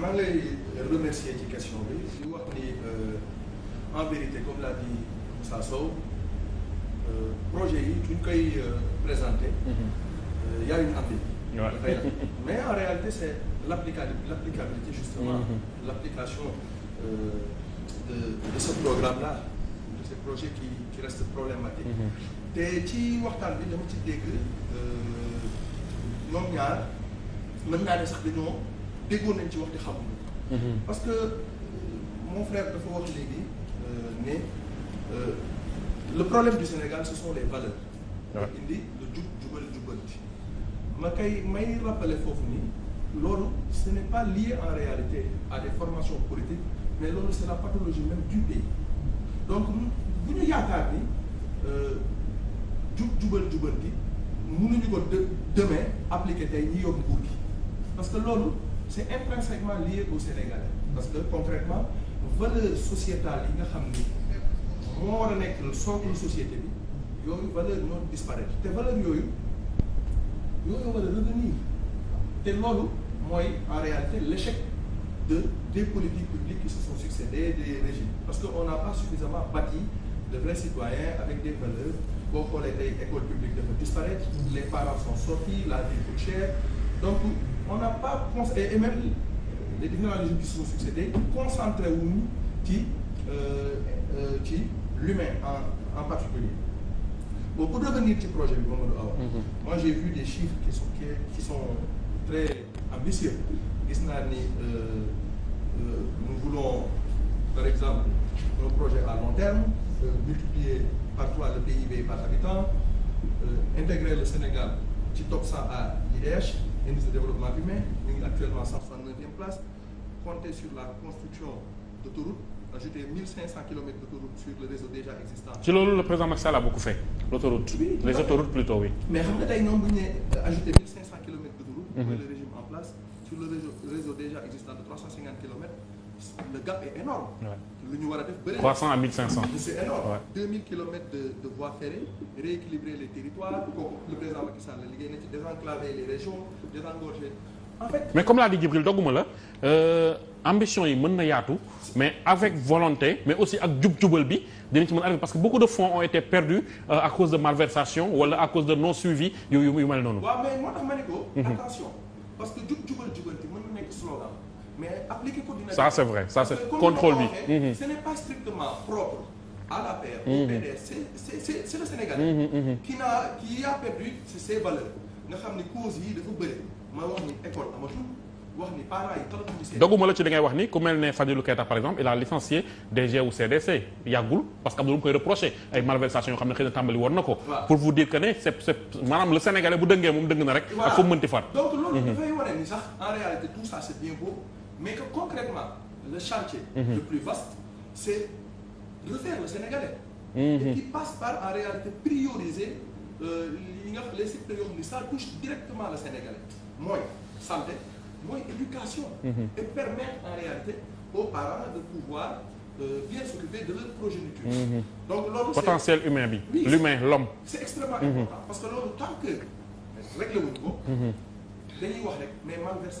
maa ngi remercier ci question bi si wax ni euh, en vérité comme l'a dit Moussa Sow euh, projet yi duñ koy euh, présenter. Mm-hmm. y a une envie. waaw mais en réalité c'est l'applicabilité l'applicabilité justement. Mm-hmm. l'application de ce programme là de ce projet qui qui problématique. Mm-hmm. te ci waxtaan bi dama ci dégg ñoom ñaar mën naa ne sax dañoo. déggoon nañ ci wax di xamuñu ko mhm. parce que mon frère dafa wax léegi euh, ne euh, le problème du Sénégal ce sont les valeurs indi lu jub jubal jubanti ma kay may rappeler foofu ni loolu ce n'est pas lié en réalité à des formations politiques mais loolu c'est la pathologie même du pays donc bu ñu yaakaar ni euh, jub jubal jubanti mënuñu ko demain appliquer tey ñi yor nguur gi parce loolu c'est intrinsèquement lié au Sénégalais parce que concrètement valeur sociétale yi nga xam ni moo war a nekk socle société bi yooyu valeur ñoo disparaître te valeur yooyu yooyu war a revenir te loolu mooy en réalité l'échec de des politiques publiques qui se sont succédé des régimes parce que on n'a pas suffisamment bâti de vrais citoyens avec des valeurs boo xoolee tey école publique dafa disparaître les parents sont sortis la vie coûte cher on n'a pas et même les différents régimes qui se sont succédés concentré wuñu ci euh, euh, ci l'humain en en particulier bon pour revenir ci projet bi Mamadou Awa mhm. moi vu des chiffres qui sont qui sont très ambitieux gis naa ni euh, nous voulons par exemple un projet à long terme euh, multiplier par trois le PIB par habitant euh, le Sénégal ci top 100 à indice de développement humain ñu ngi actuellement 169e place compter sur la construction d'autoroutes ajouter 1500 kilomètres d'autoroute sur le réseau déjà existant. ci loolu le président Macky Sall a beaucoup fait l'autoroute. Oui, les autoroutes plutôt oui. mais xam nga tey ñoom bu ñu nee ajouter 1500 kilomètres d'autoroute. Mhm. mooy le régime en place sur le réseau réseau déjà existant de 350 kilomètres. le gap est énorme lu ñu war a def bëri 300 à 1500 c'est énorme 2000 kilomètres de de voies ferrées les territoires comme l'a dit Djibril dogguma la euh, ambition yi mën na yaatu mais avec volonté mais aussi ak jub bi dinañ ci mën arrivé parce que beaucoup de fonds ont été perdus euh, à cause de malversation wala à cause de non suivi yu yu noonu mais appliquer ko dina. ça c'est vrai bi. Mhm. ce au mhm. PDS c'est c'est mhm, n'a qui ma wax ni école amatul. wax ni la ci li ngay wax ni ku mel ne Fadilou Keita par exemple il a licencié DG ou CDC yàggul parce que am na lu mu koy reproché ay malversations yoo xam ne xëy na tàmbali war na ko. pour vous dire que ne c'est c'est maanaam le Sénégalais bu dëngee moom dëng na rek. ak fu mu mënti far. donc loolu dafay wane ni sax en réalité tout ça c'est bien mais que concrètement le chantier mmh. le plus vaste c'est refaire le sénégalais mm-hmm. et qui passe par en réalité prioriser euh, li nga les secteurs yoo santé mooy éducation mm-hmm. et permettre en réalité aux parents de pouvoir Euh, bien s'occuper de leur progéniture. Mm-hmm. donc loolu potentiel humain l'homme c'est extrêmement important parce que loolu tant que réglé wuñ ko. dañuy wax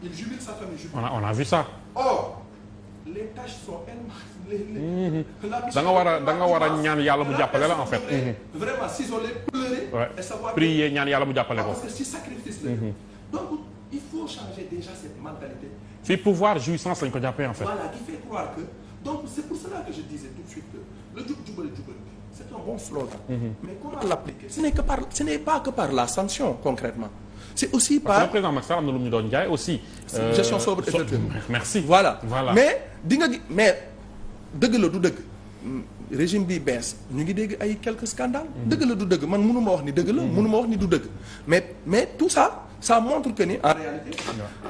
il jubile sa famille jubile. on a on a vu ça. or les tâches sont énormes. Mhm. da nga war a da nga war a ñaan yàlla mu jàppale la en fait. Mhm. vraiment s'isoler pleurer. et savoir prier ñaan yàlla mu jàppale ko. parce que si sacrifice la. Mhm. donc il faut changer déjà cette mentalité. fii pouvoir jouissance lañ ko jàppee en fait. voilà qui fait croire que donc c'est pour cela que je disais tout de suite que le jub jubal jubal. c'est un bon slogan. mais comment l'appliquer? ce n'est que par ce n'est pas que par la sanction concrètement. c'est aussi par parce que président Macky Sall lu mu doon jaay aussi. gestion euh, sobre et vertueuse voilà mais di mais dëgg la du dëgg. régime bi bees ñu ngi dégg ay quelques scandales. Mm. dëgg la du dëgg man mënu ma wax ni dëgg la. Mm. mënu ma wax ni du dëgg. mais mais tout ça ça montre que ni en réalité.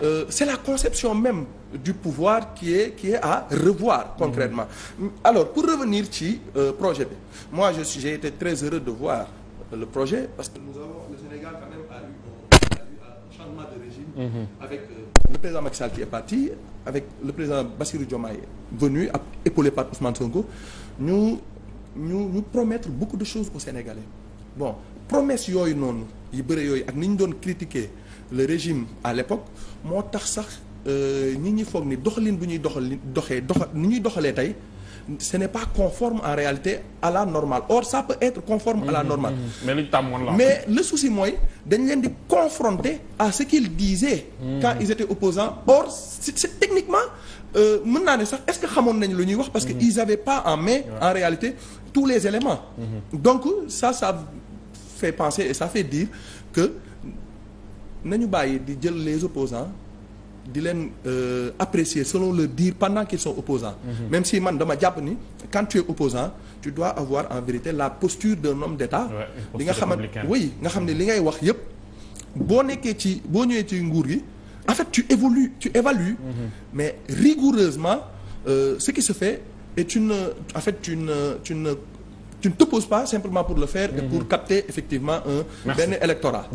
Euh, c'est la conception même du pouvoir qui est à revoir mm. concrètement. alors pour revenir ci euh, projet bi moi je suis j'ai été très heureux de voir euh, le projet parce que nous avons Mm-hmm. avec euh, le président Macky Sall avec le président Bassirou Diomaye venu ak épaulé par Ousmane Sonko ñu ñu ñu promettre beaucoup de choses aux Sénégalais bon promesse yooyu noonu yi bëre yooyu ak ni ñu doon critiquer le régime à l'époque moo tax sax ñi euh, ñi foog ni doxalin bu ñuy doxal doxee doxa ni ñuy doxalee tey ce n'est pas conforme en réalité à la normale or ça peut être conforme mmh, à la mmh, normale mmh. mmh. mais, mais le souci mooy dañ leen di confronter à ce qu'ils disaient mmh. quand ils étaient opposants or c'est techniquement euh, mën naa ne sax est-ce que xamoon nañ lu ñuy wax parce que ils avaient pas en main en réalité tous les éléments donc ça ça fait penser et ça fait dire que nañu bàyyi di jël les opposants di leen euh, apprécier selon le dire pendant qu'ils sont opposants mhm. même si man dama jàpp ni quand tu es opposant tu dois avoir en vérité la posture d'un homme d'État li nga xamante oui nga xam ne li ngay wax yépp boo nekkee ci boo ñëwee ci nguur gi en fait tu évolues tu évalues mmh. mais rigoureusement euh, ce qui se fait et tu ne tu ne tu ne pas simplement pour le faire et mhm. pour capter effectivement un benn électorat